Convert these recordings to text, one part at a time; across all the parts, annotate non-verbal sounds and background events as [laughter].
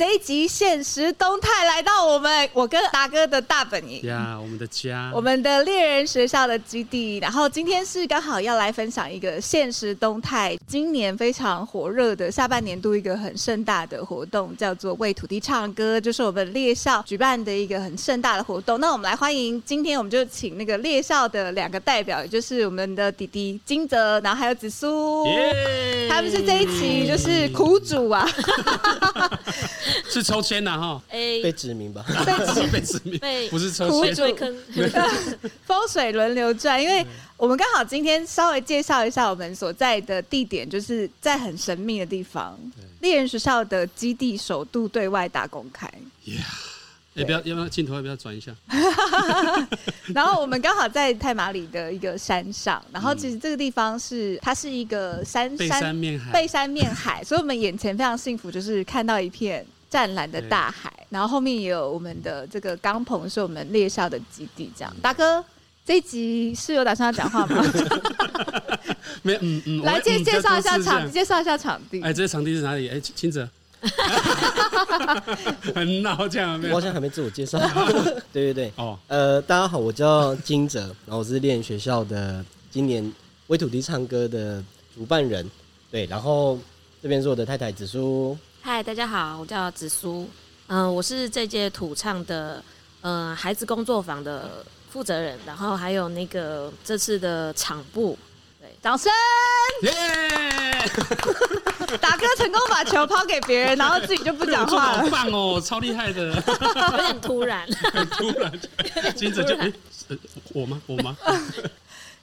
這一集限時東態來到我們我跟達哥的大本營，yeah, 我們的家，我們的獵人學校的基地。然後今天是剛好要來分享一個限時東態，今年非常火熱的下半年度一個很盛大的活動，叫做為土地唱歌，就是我們獵校舉辦的一個很盛大的活動。那我們來歡迎，今天我們就請那個獵校的兩個代表，也就是我們的弟弟精哲，然後還有子甦，Yeah! 他們是這一期就是苦主啊。 [laughs] [laughs] 是抽籤的哈，被指名吧？被被指名，不是抽籤。風水輪流轉，因為我們剛好今天稍微介紹一下我們所在的地點，就是在很神秘的地方，獵人學校的基地首度對外大公開。哎，不要，要不要鏡頭要不要轉一下？然後我們剛好在太麻里的一個山上，然後其實這個地方是它是一個山背山面海，背山面海，所以我們眼前非常幸福，就是看到一片。湛藍的大海，對然後後面也有我們的這個鋼棚，是我們獵校的基地。這樣，大哥，這一集是有打算要講話嗎？ [laughs] [laughs] 沒，嗯嗯。來嗯介介紹一下場，介紹一下場地。哎，這個場地是哪裡？哎，精精哲。 [laughs] [laughs] 很老這樣有沒有，沒我好像還沒自我介紹。 [laughs] [laughs] 對對對，哦，oh. 呃，大家好，我叫精哲，然後我是獵人學校的今年為土地唱歌的主辦人。對，然後這邊是我的太太子甦。嗨，Hi, 大家好，我叫子甦，嗯、呃，我是這屆土唱的，呃，孩子工作坊的負責人，然後還有那個這次的場部，對，掌聲，耶！大哥成功把球拋給別人，然後自己就不講話了，好棒哦，喔，超厲害的，有點突然，很突然，接 [laughs] 子就，我、欸、嗎？我嗎？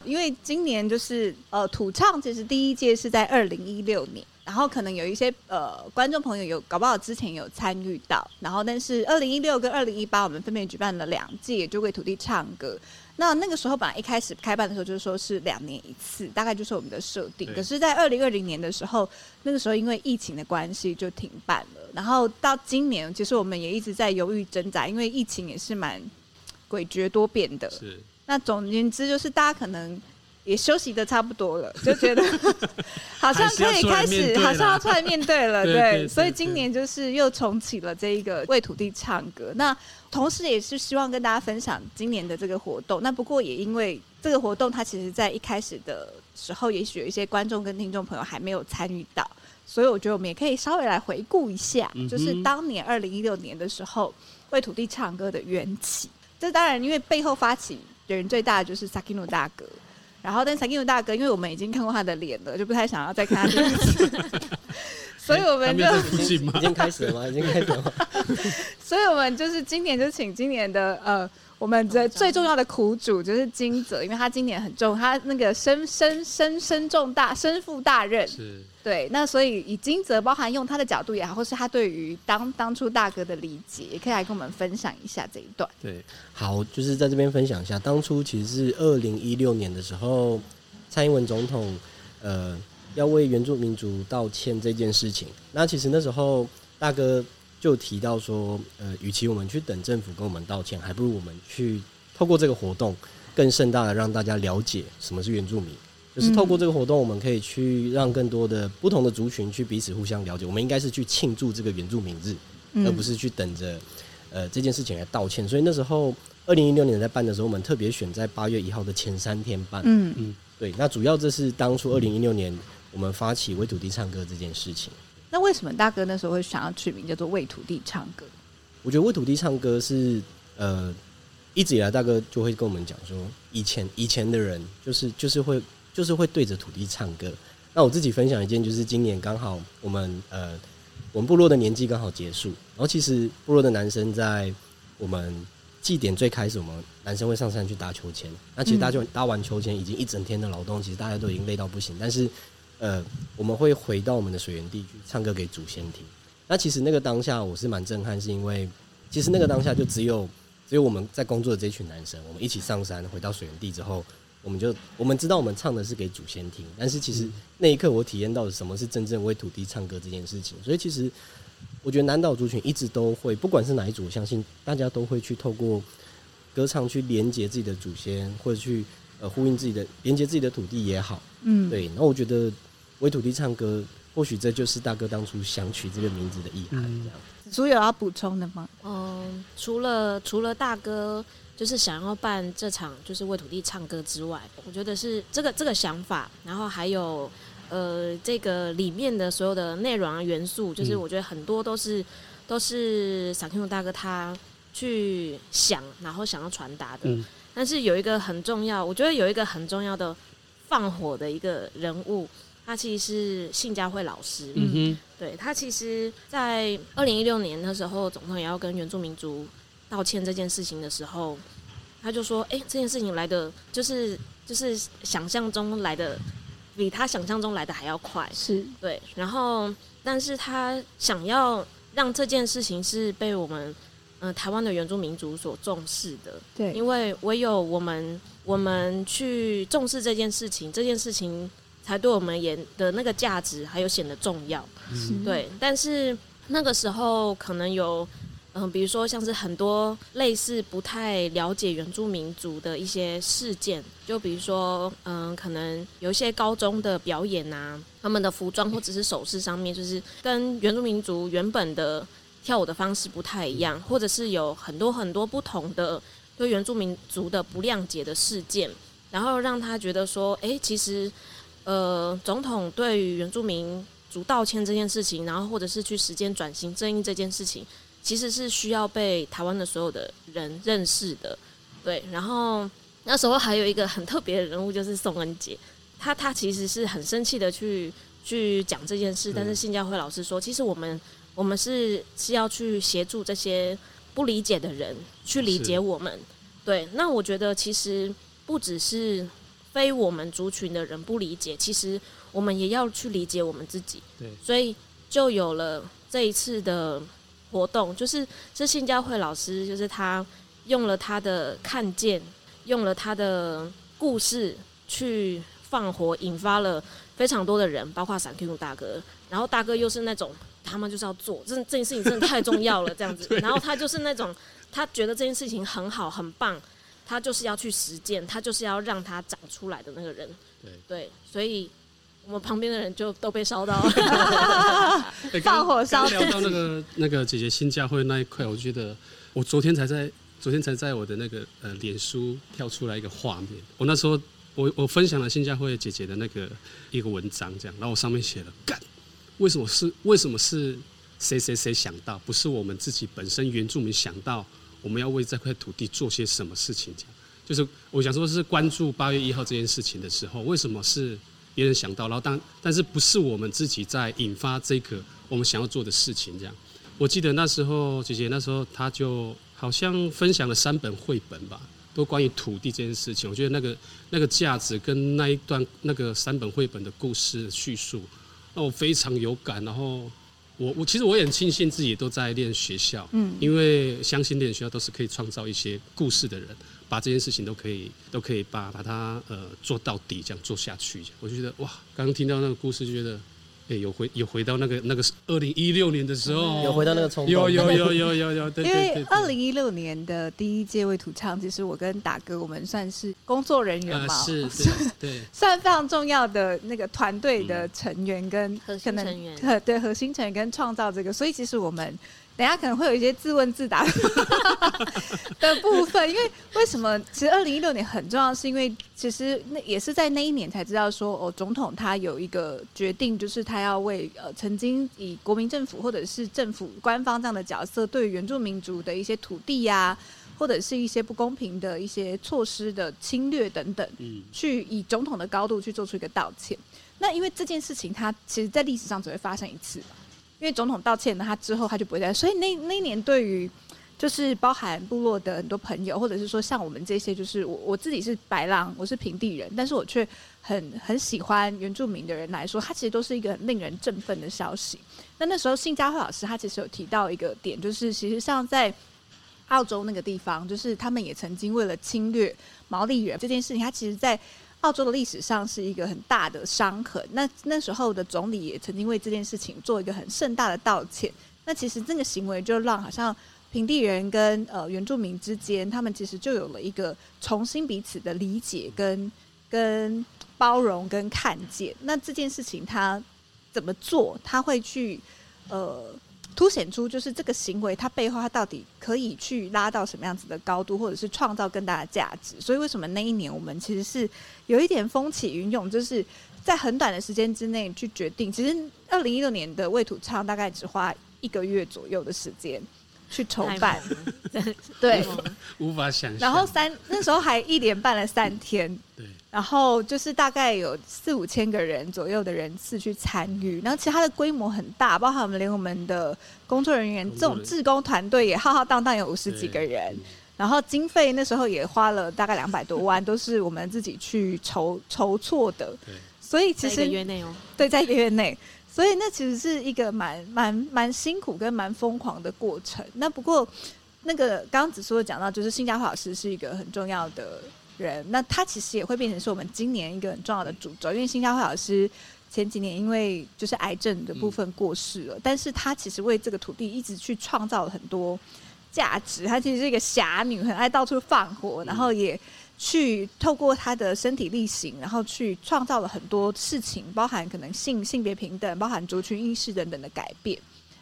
因為今年就是呃，土唱其實第一屆是在二零一六年。然後可能有一些呃觀眾朋友有，搞不好之前有參與到，然後但是二零一六跟二零一八我們分別舉辦了兩屆，就《為土地唱歌》，那那個時候本來一開始開辦的時候就是說是兩年一次，大概就是我們的設定。對可是，在二零二零年的時候，那個時候因為疫情的關係就停辦了。然後到今年，其實我們也一直在猶豫掙扎，因為疫情也是蠻詭譎多變的。是。那總而言之，就是大家可能。也休息的差不多了，就覺得 [laughs] 好像可以開始，好像要出來面對了，對，對，對，對，對，對，所以今年就是又重啟了這一個為土地唱歌。那同時也是希望跟大家分享今年的這個活動。那不過也因為這個活動，它其實在一開始的時候，也許有一些觀眾跟聽眾朋友還沒有參與到，所以我覺得我們也可以稍微來回顧一下，就是當年二零一六年的時候，為土地唱歌的緣起。這當然因為背後發起的人最大的就是撒可努大哥。然後，但才俊大哥，因為我們已經看過他的臉了，就不太想要再看他臉， [laughs] [laughs] 所以我們就們已經開始了嗎？已經開始了嗎？ [laughs] 所以，我們就是今年就請今年的呃，我們的最重要的苦主就是精哲，因為他今年很重，他那個身身身身，身重大，身負大任是。對，那所以以精哲包含用他的角度也好，或是他對於當當初大哥的理解，也可以來跟我們分享一下這一段。對，好，就是在這邊分享一下，當初其實是二零一六年的時候，蔡英文總統呃要為原住民族道歉這件事情。那其實那時候大哥就提到說，呃，與其我們去等政府跟我們道歉，還不如我們去透過這個活動，更盛大的讓大家了解什麼是原住民。就是透過這個活動，我們可以去讓更多的不同的族群去彼此互相了解。我們應該是去慶祝這個原住民日，而不是去等着，呃，這件事情來道歉。所以那時候，二零一六年在辦的時候，我們特別選在八月一號的前三天辦。嗯嗯，對。那主要這是當初二零一六年我們發起為土地唱歌這件事情。那為什麼大哥那時候會想要取名叫做為土地唱歌？我覺得為土地唱歌是呃，一直以來大哥就會跟我們講說，以前以前的人就是就是會。就是會對着土地唱歌。那我自己分享一件，就是今年剛好我們呃，我們部落的年祭剛好結束。然後其實部落的男生在我們祭典最開始，我們男生會上山去搭秋千。那其實搭就搭完秋千，已經一整天的勞動，其實大家都已經累到不行。但是呃，我們會回到我們的水源地去唱歌給祖先聽。那其實那個當下我是蠻震撼，是因為其實那個當下就只有只有我們在工作的這群男生，我們一起上山回到水源地之後。我們就我們知道，我們唱的是給祖先聽。但是其實那一刻，我體驗到了什麼是真正為土地唱歌這件事情。所以其實，我覺得南島族群一直都會，不管是哪一組，相信大家都會去透過歌唱去連接自己的祖先，或者去呃呼應自己的連接自己的土地也好。嗯，對。那我覺得為土地唱歌，或許這就是大哥當初想取這個名字的意義這樣，子甦有要補充的嗎？嗯、呃，除了除了大哥。就是想要辦這場，就是為土地唱歌之外，我覺得是這個這個想法，然後還有呃這個裡面的所有的內容啊元素，就是我覺得很多都是、嗯、都是撒可努大哥他去想，然後想要傳達的。嗯、但是有一個很重要，我覺得有一個很重要的放火的一個人物，他其實是信家慧老師。嗯哼，對他其實在二零一六年的時候，總統也要跟原住民族。道歉這件事情的時候，他就說：“哎、欸，這件事情來的就是就是想象中來的，比他想象中來的還要快。是”是對。然後，但是他想要讓這件事情是被我們，嗯、呃，台灣的原住民族所重視的。對，因為唯有我們我們去重視這件事情，這件事情才對我們演的那個價值還有顯得重要。是對。但是那個時候可能有。嗯，比如說像是很多類似不太了解原住民族的一些事件，就比如說，嗯，可能有一些高中的表演啊，他們的服裝或者是首飾上面，就是跟原住民族原本的跳舞的方式不太一樣，或者是有很多很多不同的對原住民族的不諒解的事件，然後讓他覺得說，哎、欸，其實，呃，總統對於原住民族道歉這件事情，然後或者是去實踐轉型正義這件事情。其實是需要被台灣的所有的人認識的，對。然後那時候還有一個很特別的人物，就是宋恩杰，他他其實是很生氣的去去講這件事，對但是信教會老師說，其實我們我們是是要去協助這些不理解的人去理解我們，是對。那我覺得其實不只是非我們族群的人不理解，其實我們也要去理解我們自己，對。所以就有了這一次的。活動就是這信佳慧老師，就是他用了他的看見，用了他的故事去放火，引發了非常多的人，包括撒可努大哥。然後大哥又是那種他們就是要做，真這，這件事情真的太重要了，這樣子。 [laughs] 對然後他就是那種他覺得這件事情很好很棒，他就是要去實踐，他就是要讓他長出來的那個人。對，對，所以。我們旁邊的人就都被燒到了、 [laughs] 哎，放剛火燒。聊到那個 [laughs] 那個姐姐新家會那一塊，我覺得我昨天才在昨天才在我的那個呃臉書跳出來一個畫面。我那時候我我分享了新家會姐姐的那個一個文章，這樣。然後我上面寫了幹，為什麼是為什麼是誰誰誰想到，不是我們自己本身原住民想到我們要為這塊土地做些什麼事情？這樣就是我想說的是，關注八月一號這件事情的時候，為什麼是？別人想到，然後但但是不是我們自己在引發這個我們想要做的事情這樣。我記得那時候姐姐那時候她就好像分享了三本繪本吧，都關於土地這件事情。我覺得那個那個價值跟那一段那個三本繪本的故事的敘述，那、啊、我非常有感。然後我我其實我也很慶幸自己都在獵人學校，嗯，因為相信獵人學校都是可以創造一些故事的人。把這件事情都可以，都可以把把它呃做到底，這樣做下去。我就覺得哇，剛剛聽到那個故事就覺得，哎、欸，有回有回到那個那個二零一六年的時候，有回到那個衝動、那個嗯，有有有有有有，有，有對，對。因為二零一六年的第一屆為土唱，其實我跟達哥我們算是工作人員嘛，是、呃、是，對，對 [laughs] 算非常重要的那個團隊的成員跟、嗯、核心成員，對核心成員跟創造這個，所以其實我們。等下可能會有一些自問自答 [laughs] 的部分，因為為什麼？其實二零一六年很重要，是因為其實那也是在那一年才知道說哦，總統他有一個決定，就是他要為呃曾經以國民政府或者是政府官方這樣的角色，對原住民族的一些土地呀、啊，或者是一些不公平的一些措施的侵略等等，嗯，去以總統的高度去做出一個道歉。那因為這件事情，它其實在歷史上只會發生一次。因為總統道歉了，他之後他就不會再。所以那那一年對於，就是包含部落的很多朋友，或者是說像我們這些，就是我我自己是白浪，我是平地人，但是我卻很很喜歡原住民的人來說，他其實都是一個很令人振奮的消息。那那時候，信嘉慧老師他其實有提到一個點，就是其實像在澳洲那個地方，就是他們也曾經為了侵略毛利人這件事情，他其實，在。澳洲的歷史上是一個很大的傷痕。那那時候的總理也曾經為這件事情做一個很盛大的道歉。那其實這個行為就讓好像平地人跟呃原住民之間，他們其實就有了一個重新彼此的理解跟、跟跟包容、跟看見。那這件事情他怎麼做？他會去呃。凸顯出就是這個行為，它背後它到底可以去拉到什麼樣子的高度，或者是創造更大的價值？所以為什麼那一年我們其實是有一點風起雲湧，就是在很短的時間之內去決定。其實二零一六年的為土唱大概只花一個月左右的時間。去籌辦，對無法，無法想象。然後三那時候還一連辦了三天，嗯、對。然後就是大概有四五千個人左右的人次去參與，嗯、然後其實它的規模很大，包括我們連我們的工作人員、工作人員這種志工團隊也浩浩蕩蕩有五十幾個人。對然後經費那時候也花了大概兩百多萬，嗯、都是我們自己去籌籌措的。對，所以其實一個月內哦，對，在一個月內。所以那其實是一個蠻蠻蠻辛苦跟蠻瘋狂的過程。那不過那個剛剛子甦說的講到，就是新加坡老師是一個很重要的人。那他其實也會變成是我們今年一個很重要的主角，因為新加坡老師前幾年因為就是癌症的部分過世了，嗯、但是他其實為這個土地一直去創造了很多價值。他其實是一個俠女，很愛到處放火，然後也。嗯去透過他的身體力行，然後去創造了很多事情，包含可能性、性別平等，包含族群意識等等的改變。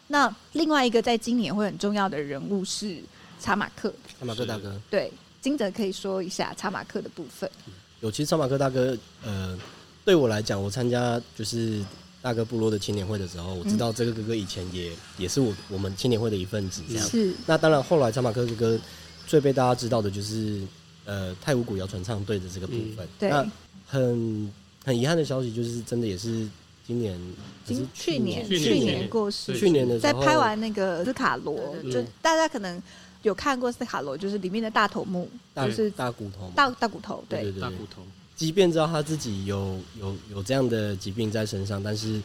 那另外一個在今年會很重要的人物是查馬克，查馬克大哥。對，精哲可以說一下查馬克的部分。嗯、有，其實查馬克大哥，呃，對我來講，我參加就是大哥部落的青年會的時候，我知道這個哥哥以前也也是我我們青年會的一份子這樣子。是那當然，後來查馬克哥哥最被大家知道的就是。呃，泰武古謠傳唱隊的這個部分，那很很遺憾的消息就是，真的也是今年，就是去年，去年過世。去年的時候在拍完那個斯卡羅，就大家可能有看過斯卡羅，就是裡面的大頭目，就是大股頭，大大股頭。對，對，大股頭。即便知道他自己有有有這樣的疾病在身上，但是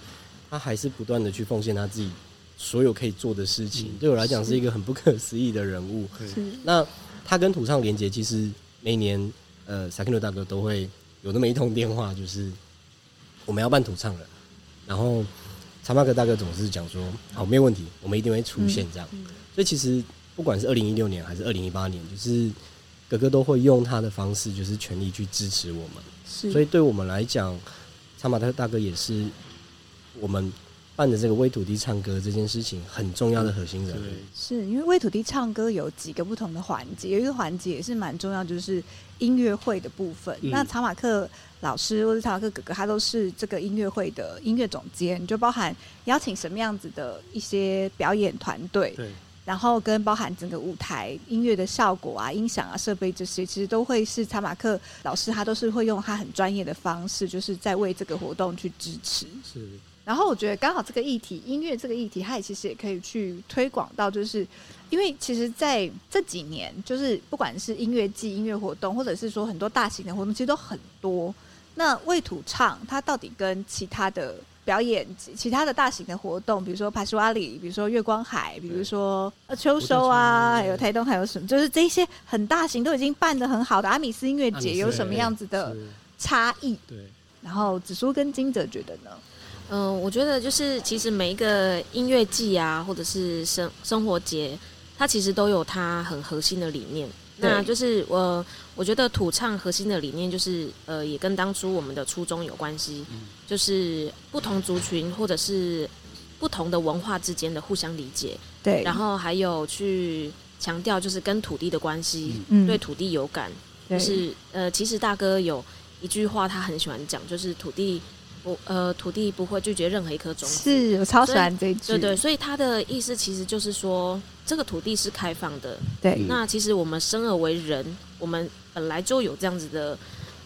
他還是不斷的去奉獻他自己所有可以做的事情。對我來講是一個很不可思議的人物。那他跟土唱連結其實。每年，呃，撒可努大哥都會有那麼一通電話，就是我們要辦土唱了。然後，查馬克大哥總是講說：“好，沒問題，我們一定會出現。”這樣，嗯嗯、所以其實不管是二零一六年還是二零一八年，就是哥哥都會用他的方式，就是全力去支持我們。是所以，對我們來講，查馬克大哥也是我們辦着這個為土地唱歌這件事情很重要的核心人物，是因為為土地唱歌有幾個不同的環節，有一個環節也是蠻重要，就是音樂會的部分。嗯、那查馬克老師或者查馬克哥哥，他都是這個音樂會的音樂總監，就包含邀請什麼樣子的一些表演團隊，對，然後跟包含整個舞台音樂的效果啊、音響啊、設備這些，其實都會是查馬克老師他都是會用他很專業的方式，就是在為這個活動去支持。是。然後我覺得剛好這個議題，音樂這個議題，它也其實也可以去推廣到，就是因為其實在這幾年，就是不管是音樂季、音樂活動，或者是說很多大型的活動，其實都很多。那為土唱它到底跟其他的表演、其他的大型的活動，比如說帕斯瓦里，比如說月光海，比如說秋收啊，還有台東還有什麼，就是這些很大型都已經辦得很好的阿米斯音樂節，有什麼樣子的差異？對。然後子甦跟精哲覺得呢？嗯，我覺得就是其實每一個音樂節啊，或者是生生活節，它其實都有它很核心的理念。對那就是我，我覺得土唱核心的理念就是，呃，也跟當初我們的初衷有關係。嗯、就是不同族群或者是不同的文化之間的互相理解。對。然後還有去強調，就是跟土地的關係，嗯、對土地有感，對就是呃，其實大哥有一句話他很喜歡講，就是土地。不，呃，土地不會拒絕任何一顆種子。是，我超喜歡這一句，對,對對，所以他的意思其實就是說，這個土地是開放的。對，那其實我們生而為人，我們本來就有這樣子的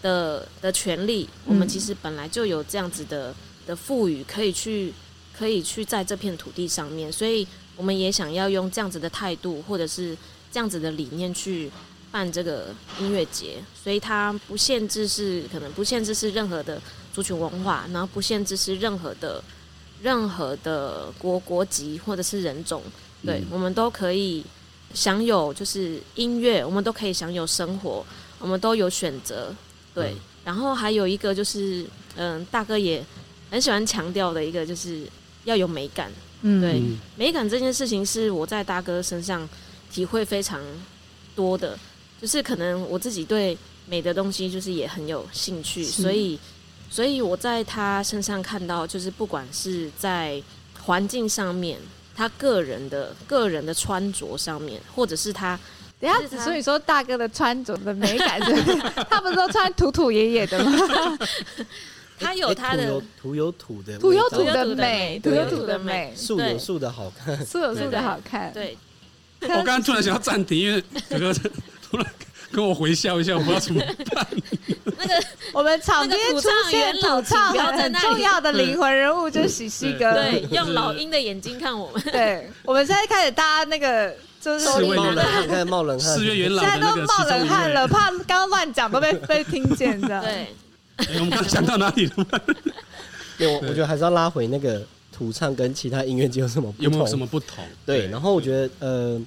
的的權利，我們其實本來就有這樣子的的賦予，可以去可以去在這片土地上面，所以我們也想要用這樣子的態度，或者是這樣子的理念去辦這個音樂節，所以它不限制是可能不限制是任何的。族群文化，然後不限制是任何的、任何的國國籍或者是人種，對、嗯、我們都可以享有，就是音樂，我們都可以享有生活，我們都有選擇。對，嗯、然後還有一個就是，嗯，大哥也很喜歡強調的一個，就是要有美感。嗯，對，美感這件事情是我在大哥身上體會非常多的就是，可能我自己對美的東西就是也很有興趣，是所以。所以我在他身上看到，就是不管是在環境上面，他個人的個人的穿着上面，或者是他，等下，子甦你說大哥的穿着的美感是，他不是說穿土土爺爺的嗎？他有他的土，有土的土，有土的美，土有土的美，樹有樹的好看，樹有樹的好看。對。我剛剛突然想要暫停，因為哥哥突然。跟我回笑一下，我不知道怎麼辦。那個我們場邊出現土唱元老，重要的靈魂人物就是喜西哥，用老鷹的眼睛看我們。對，我們現在開始搭那個，就是開始冒冷汗，現在都冒冷汗了，怕剛剛亂講都被被聽見這樣。對，我們剛剛講到哪裡了？對，我覺得還是要拉回那個土唱跟其他音樂節有什麼有沒有什麼不同？對，然後我覺得呃。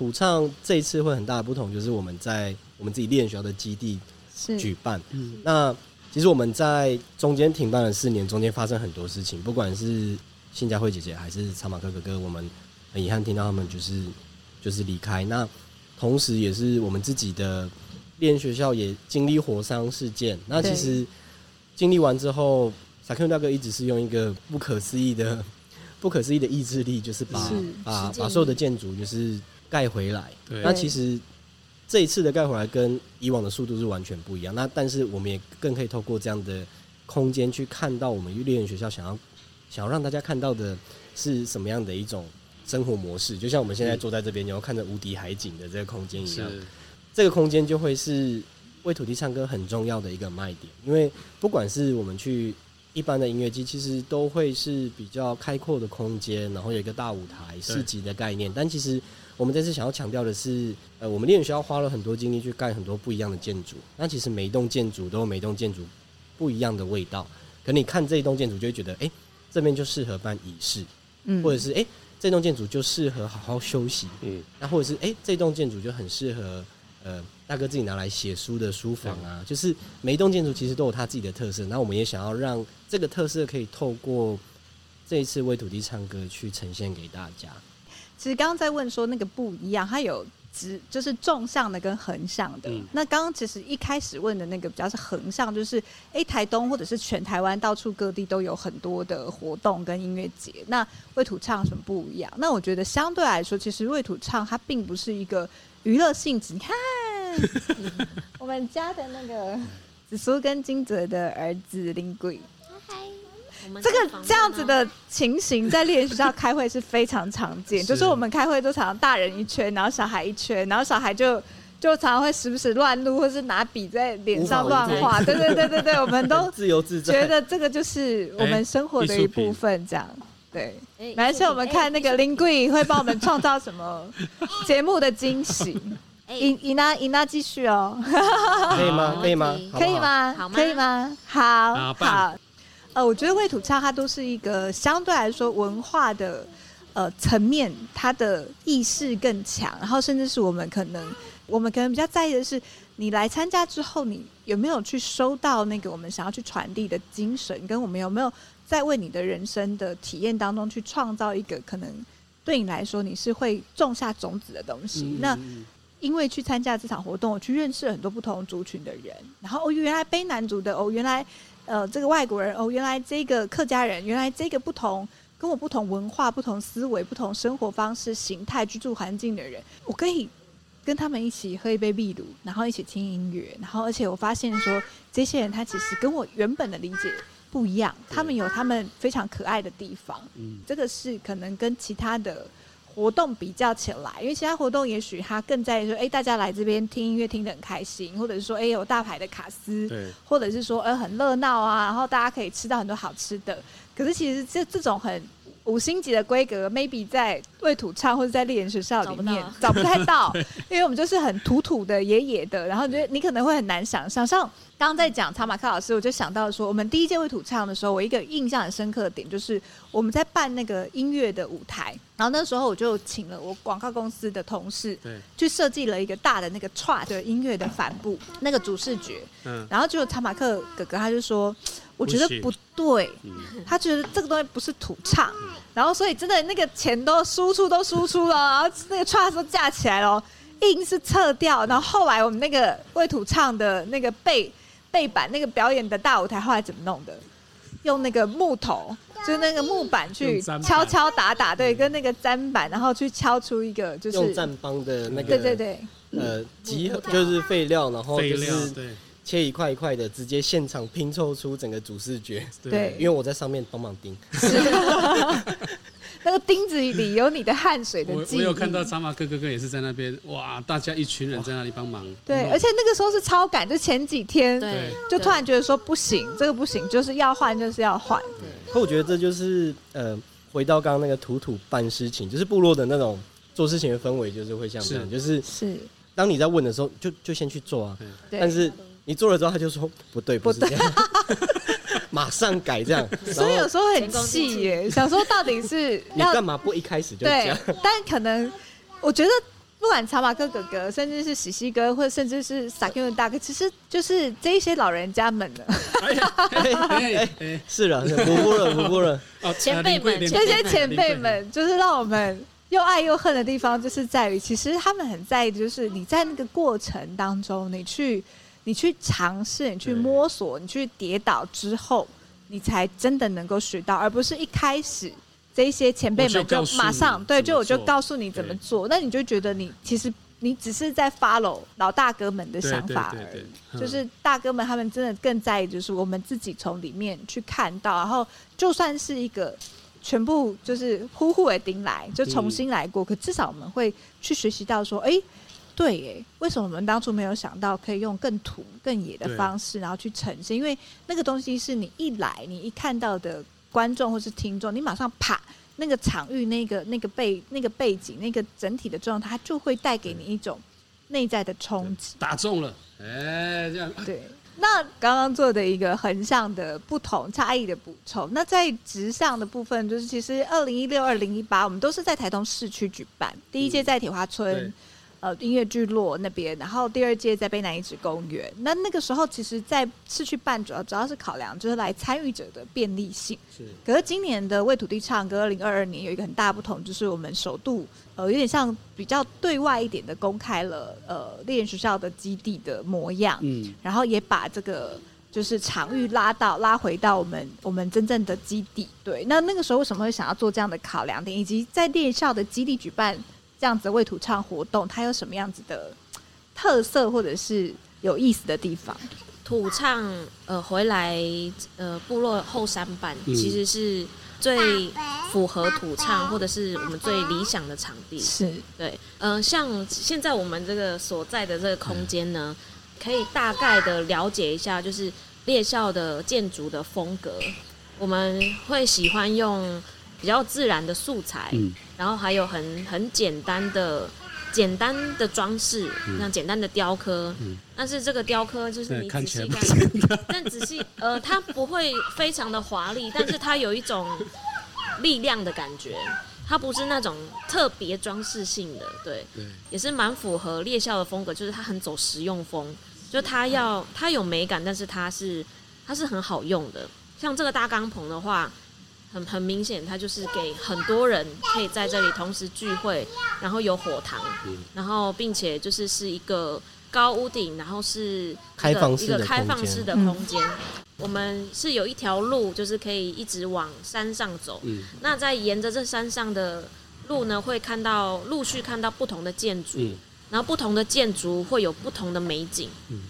主唱這一次會很大的不同，就是我們在我們自己獵人學校的基地舉辦。嗯、那其實我們在中間停辦了四年，中間發生很多事情，不管是新佳慧姐姐還是長馬哥哥哥，我們很遺憾聽到他們就是就是離開。那同時，也是我們自己的獵人學校也經歷火傷事件。那其實經歷完之後，撒可努大哥一直是用一個不可思議的、不可思議的意志力，就是把把把所有的建築就是。蓋回來，那其實這一次的蓋回來跟以往的速度是完全不一樣。那但是我們也更可以透過這樣的空間去看到我們獵人學校想要想要讓大家看到的是什麼樣的一種生活模式。就像我們現在坐在這邊，然後、嗯、看着無敵海景的這個空間一樣，是這個空間就會是為土地唱歌很重要的一個賣點。因為不管是我們去。一般的音樂節其實都會是比較開闊的空間，然後有一個大舞台、市集的概念。對但其實我們這次想要強調的是，呃，我們獵人學校花了很多精力去蓋很多不一樣的建築。那其實每一棟建築都有每棟建築不一樣的味道。可你看這一棟建築，就會覺得，哎、欸，這邊就適合辦儀式，嗯，或者是，哎、欸，這棟建築就適合好好休息，嗯，那或者是，哎、欸，這棟建築就很適合。呃，大哥自己拿來寫書的書房啊，嗯、就是每一棟建築其實都有它自己的特色。那我們也想要讓這個特色可以透過這一次為土地唱歌去呈現給大家。其實剛剛在問說那個不一樣，它有直就是縱向的跟橫向的。嗯、那剛剛其實一開始問的那個比較是橫向，就是哎、欸，台東或者是全台灣到處各地都有很多的活動跟音樂節。那為土唱什麼不一樣？那我覺得相對來說，其實為土唱它並不是一個。娛樂性質，你看， [laughs] 我們家的那個子甦跟精哲的兒子林貴，嗨 Hi 這個這樣子的情形在獵人學校開會是非常常見， [laughs] 是就是我們開會都常常大人一圈，然後小孩一圈，然後小孩就就常常會時不時亂擼，或是拿筆在臉上亂畫，對對對對對，我們都自由自在，覺得這個就是我們生活的一部分，這樣對。來，先我們看那個林桂會幫我們創造什麼節目的驚喜？尹尹娜，尹娜繼續哦。可以嗎？可以嗎？可以嗎？好可以嗎？好。好。呃，我覺得為土唱，它都是一個相對來說文化的呃層面，它的意識更強，然後甚至是我們可能，我們可能比較在意的是。你來參加之後，你有沒有去收到那個我們想要去傳遞的精神？跟我們有沒有在為你的人生的體驗當中去創造一個可能對你來說你是會種下種子的東西？嗯嗯嗯嗯。那因為去參加這場活動，我去認識了很多不同族群的人。然後哦，原來卑南族的哦，原來呃這個外國人哦，原來這個客家人，原來這個不同跟我不同文化、不同思維、不同生活方式、形態、居住環境的人，我可以。跟他們一起喝一杯秘魯，然後一起聽音樂，然後而且我發現說，這些人他其實跟我原本的理解不一樣，對他們有他們非常可愛的地方，嗯，這個是可能跟其他的活動比較起來，因為其他活動也許他更在意說，哎、欸，大家來這邊聽音樂聽得很開心，或者是說，哎、欸，有大牌的卡司，對，或者是說，呃，很熱鬧啊，然後大家可以吃到很多好吃的，可是其實這這種很。五星級的規格，maybe 在為土唱或者在獵人學校裡面找不、啊、找不太到， [laughs] 對 因為我們就是很土土的、野野的，然後你覺得你可能會很難想想像。剛剛在講查馬克老師，我就想到說，我們第一屆為土唱的時候，我一個印象很深刻的點就是，我們在辦那個音樂的舞台，然後那時候我就請了我廣告公司的同事，對去設計了一個大的那個 trust 的音樂的帆布對那個主視覺，嗯、然後就查馬克哥哥他就說，我覺得不對，不嗯、他覺得這個東西不是土唱，然後所以真的那個錢都輸出都輸出了， [laughs] 然後那個 trust 都架起來了，硬是撤掉，然後後來我們那個為土唱的那個背背板那個表演的大舞台後來怎麼弄的？用那個木頭，就是那個木板去敲敲打打，對，對跟那個棧板，然後去敲出一個，就是用棧板的那個，對對對，呃，集合就是廢料，然後就是切一塊一塊的，直接現場拼湊出整個主視覺。對，因為我在上面幫忙釘 [laughs] 那個釘子裡有你的汗水的。我我有看到查馬克哥哥也是在那邊，哇，大家一群人在那裡幫忙。對，而且那個時候是超趕，就前幾天，對對，就突然覺得說不行，這個不行，就是要換就是要換。對。可我覺得這就是呃，回到剛剛那個土土辦事情，就是部落的那種做事情的氛圍，就是會像這樣，是就是是。當你在問的時候，就就先去做啊。對。但是你做了之後，他就說不對不對。不是這樣馬上改這樣， [laughs] 後所以有時候很氣耶， [laughs] 想說到底是你幹嘛不一開始就講？ [laughs] 就這樣 [laughs] 對，但可能我覺得，不管查馬哥哥哥，甚至是喜喜哥，或者甚至是撒可努大哥，其實就是這一些老人家們是 [laughs] 哎， [laughs] 哎，是，、啊是，啊是啊、無無了，古了人，古古人，前輩們， [laughs] 這些前輩們，就是讓我們又愛又恨的地方，就是在於其實他們很在意，就是你在那個過程當中，你去。你去嘗試，你去摸索，對你去跌倒之後，你才真的能夠學到，而不是一開始這一些前輩們就馬上，就對，就我就告訴你怎麼做，對那你就覺得你其實你只是在 follow 老大哥們的想法而已，對對對對，就是大哥們他們真的更在意，就是我們自己從裡面去看到，然後就算是一個全部就是呼呼而丁來，就重新來過，對可至少我們會去學習到說，哎、欸。對，哎，為什麼我們當初沒有想到可以用更土、更野的方式，然後去呈現？對因為那個東西是你一來，你一看到的觀眾或是聽眾，你馬上啪，那個場域、那個、那個背、那個背景、那個整體的狀態，它就會帶給你一種內在的衝擊。打中了，哎對、欸，這樣對。那剛剛做的一個橫向的不同差異的補充，那在直上的部分，就是其實二零一六、二零一八，我們都是在台東市區舉辦，嗯、第一屆在鐵花村。呃，音樂聚落那邊，然後第二屆在卑南遺址公園。那那個時候，其實在市區辦，主要主要是考量就是來參與者的便利性。是。可是今年的為土地唱歌，二零二二年有一個很大不同，就是我們首度呃，有點像比較對外一點的公開了，呃，獵人學校的基地的模樣。嗯。然後也把這個就是場域拉到拉回到我們我們真正的基地。對。那那個時候為什麼會想要做這樣的考量點，以及在獵人校的基地舉辦？這樣子為土唱活動，它有什麼樣子的特色或者是有意思的地方？土唱呃，回來呃，部落後山版，嗯、其實是最符合土唱，或者是我們最理想的場地。是對，嗯、呃，像現在我們這個所在的這個空間呢，嗯、可以大概的了解一下，就是獵校的建築的風格，我們會喜歡用。比較自然的素材，嗯、然後還有很很簡單的、簡單的裝飾，嗯、像簡單的雕刻。嗯、但是這個雕刻就是你仔細看，但仔細呃，它不會非常的華麗，但是它有一種力量的感覺。它不是那種特別裝飾性的，對，對，也是蠻符合獵校的風格，就是它很走實用風，就它要它有美感，但是它是它是很好用的。像這個大鋼棚的話。很很明顯，它就是給很多人可以在這裡同時聚會，然後有火塘，嗯、然後並且就是是一個高屋頂，然後是開放一個開放式的空間。嗯、我們是有一條路，就是可以一直往山上走。嗯、那在沿着這山上的路呢，會看到陸續看到不同的建築，嗯、然後不同的建築會有不同的美景。嗯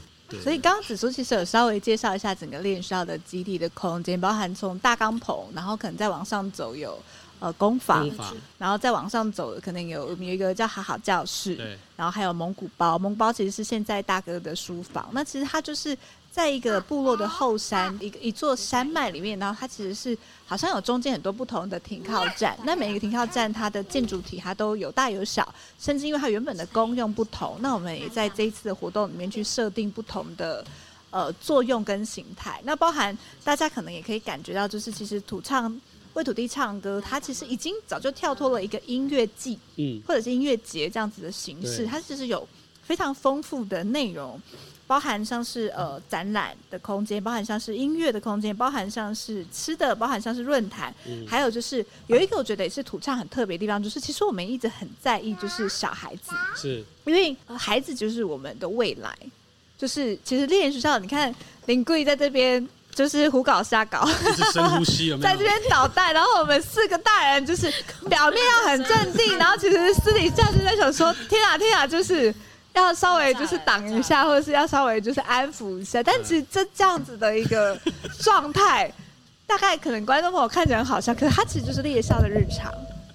所以剛剛子甦其實有稍微介紹一下整個獵校的基地的空間，包含從大鋼棚，然後可能再往上走有呃工坊，吧然後再往上走可能有有一個叫好好教室，對然後還有蒙古包，蒙古包其實是現在大哥的書房。那其實他就是。在一個部落的後山，一個一座山脈裡面，然後它其實是好像有中間很多不同的停靠站。那每一個停靠站，它的建築體它都有大有小，甚至因為它原本的功用不同，那我們也在這一次的活動裡面去設定不同的呃作用跟形態。那包含大家可能也可以感覺到，就是其實土唱為土地唱歌，它其實已經早就跳脫了一個音樂季，嗯，或者是音樂節這樣子的形式，對它其實有非常豐富的內容。包含像是呃展覽的空間，包含像是音樂的空間，包含像是吃的，包含像是論壇，嗯、還有就是有一個我覺得也是土唱很特別的地方，就是其實我們一直很在意就是小孩子，是、啊，啊、因為孩子就是我們的未來，就是其實獵人學校，你看林貴在這邊就是胡搞瞎搞，有有在這邊搗蛋，然後我們四個大人就是表面要很鎮定，然後其實私底下就在想說，天啊天啊，就是。要稍微就是擋一下，或者是要稍微就是安撫一下，但其實這這樣子的一個狀態，大概可能觀眾朋友看起來很好笑，可是他其實就是獵校的日常，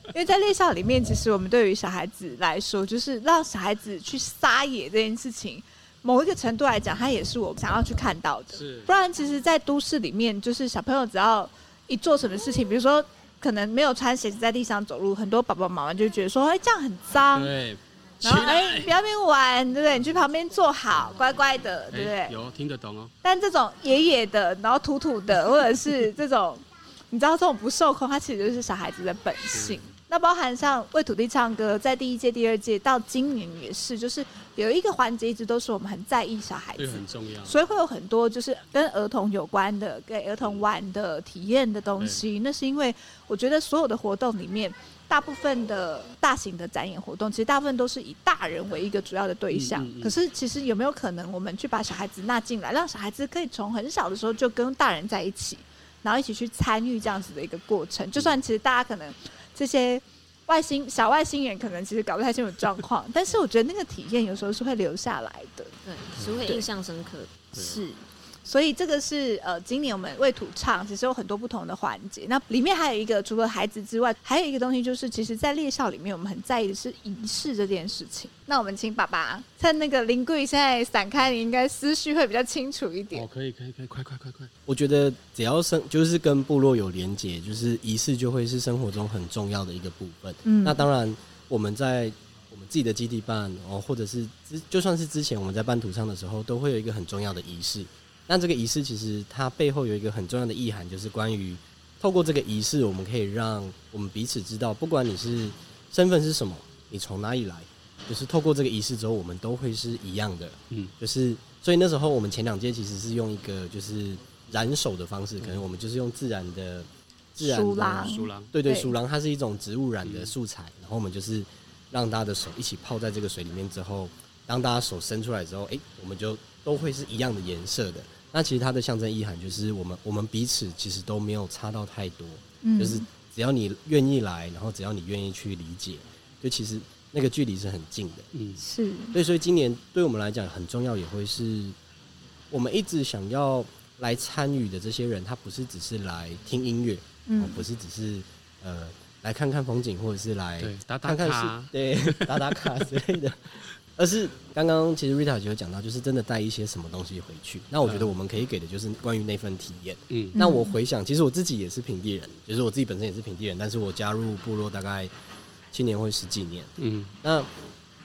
因為在獵校裡面，其實我們對於小孩子來說，就是讓小孩子去撒野這件事情，某一個程度來講，他也是我想要去看到的。不然其實，在都市裡面，就是小朋友只要一做什麼事情，比如說可能沒有穿鞋子在地上走路，很多爸爸媽媽就覺得說，哎，這樣很髒。對。然後哎，不要邊玩，對不對？你去旁邊坐好，乖乖的，對不對？欸、有聽得懂哦。但這種野野的，然後土土的，或者是這種， [laughs] 你知道這種不受控，它其實就是小孩子的本性。對那包含像為土地唱歌，在第一屆、第二屆到今年也是，就是有一個環節一直都是我們很在意小孩子，對，很重要。所以會有很多就是跟兒童有關的、跟兒童玩的體驗的東西。對那是因為我覺得所有的活動裡面。大部分的大型的展演活動，其實大部分都是以大人為一個主要的對象。嗯嗯嗯、可是，其實有沒有可能，我們去把小孩子納進來，讓小孩子可以從很小的時候就跟大人在一起，然後一起去參與這樣子的一個過程？就算其實大家可能這些外星小外星人可能其實搞不太清楚狀況，嗯、但是我覺得那個體驗有時候是會留下來的，對，是會印象深刻，對，是。所以這個是呃，今年我們為土唱，其實有很多不同的環節。那裡面還有一個，除了孩子之外，還有一個東西就是，其實，在獵校裡面，我們很在意的是儀式這件事情。那我們請爸爸趁，那個林桂現在散開，你應該思緒會比較清楚一點。哦可，可以，可以，可以，快，快，快，快。我覺得只要生，就是跟部落有連結，就是儀式就會是生活中很重要的一個部分。嗯，那當然，我們在我們自己的基地辦，哦，或者是之，就算是之前我們在辦土唱的時候，都會有一個很重要的儀式。但這個儀式其實它背後有一個很重要的意涵，就是關於透過這個儀式，我們可以讓我們彼此知道，不管你是身份是什麼，你從哪裡來，就是透過這個儀式之後，我們都會是一樣的。嗯，就是所以那時候我們前兩屆其實是用一個就是染手的方式，嗯、可能我們就是用自然的自然的薯榔，對,對對，薯對榔它是一種植物染的素材，嗯、然後我們就是讓大家的手一起泡在這個水裡面之後，當大家手伸出來之後，哎、欸，我們就都會是一樣的顏色的。那其實它的象徵意涵就是我們我們彼此其實都沒有差到太多，嗯，就是只要你願意來，然後只要你願意去理解，就其實那個距離是很近的，嗯，是，對。所以今年對我們來講很重要，也會是我們一直想要來參與的這些人，他不是只是來聽音樂，嗯，不是只是呃來看看風景，或者是來打打卡看看，對，打打卡之 [laughs] 類的。而是剛剛其實 Rita 就有講到，就是真的帶一些什麼東西回去。那我覺得我們可以給的就是關於那份體驗。嗯，那我回想，其實我自己也是平地人，就是我自己本身也是平地人，但是我加入部落大概七年或十幾年。嗯，那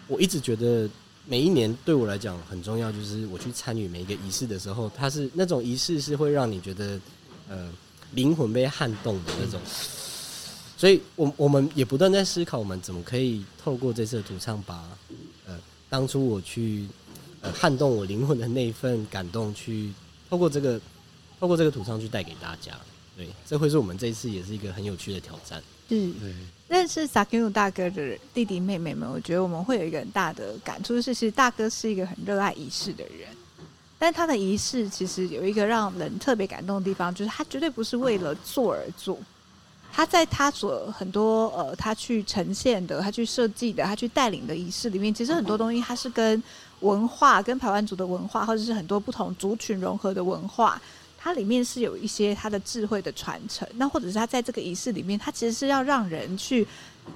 我一直覺得每一年對我來講很重要，就是我去參與每一個儀式的時候，它是那種儀式是會讓你覺得呃靈魂被撼動的那種。嗯，所以我我們也不斷在思考，我們怎麼可以透過這次的主唱把呃。當初我去，呃，撼動我靈魂的那一份感動去，去透過這個，透過這個土上去帶給大家。對，這會是我們這一次也是一個很有趣的挑戰。嗯，對。認識薩克 k 大哥的弟弟妹妹們，我覺得我們會有一個很大的感觸，是其實大哥是一個很熱愛儀式的人，但他的儀式其實有一個讓人特別感動的地方，就是他絕對不是為了做而做。嗯他在他所很多呃，他去呈現的，他去設計的，他去帶領的儀式裡面，其實很多東西，他是跟文化、跟排灣族的文化，或者是很多不同族群融合的文化，它裡面是有一些它的智慧的傳承。那或者是他在這個儀式裡面，他其實是要讓人去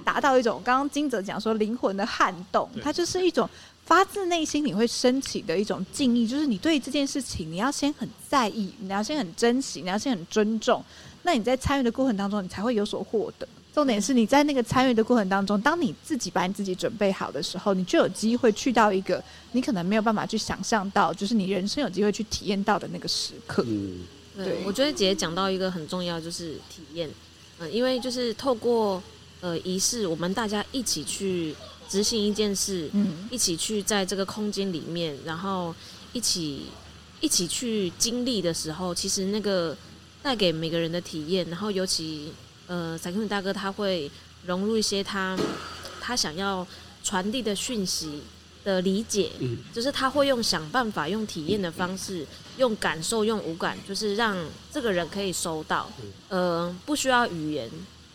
達到一種，剛剛精哲講說靈魂的撼動，它就是一種發自內心你會升起的一種敬意，就是你對這件事情，你要先很在意，你要先很珍惜，你要先很尊重。那你在參與的過程當中，你才會有所獲得。重點是你在那個參與的過程當中，當你自己把你自己準備好的時候，你就有機會去到一個你可能沒有辦法去想象到，就是你人生有機會去體驗到的那個時刻。對，我覺得姐姐講到一個很重要，就是體驗。嗯，呃，因為就是透過呃儀式，我們大家一起去執行一件事，嗯，一起去在這個空間裡面，然後一起一起去經歷的時候，其實那個。帶給每個人的體驗，然後尤其，呃，撒可努大哥他會融入一些他他想要傳遞的訊息的理解，嗯、就是他會用想辦法用體驗的方式，嗯嗯、用感受，用五感，就是讓這個人可以收到，嗯、呃，不需要語言，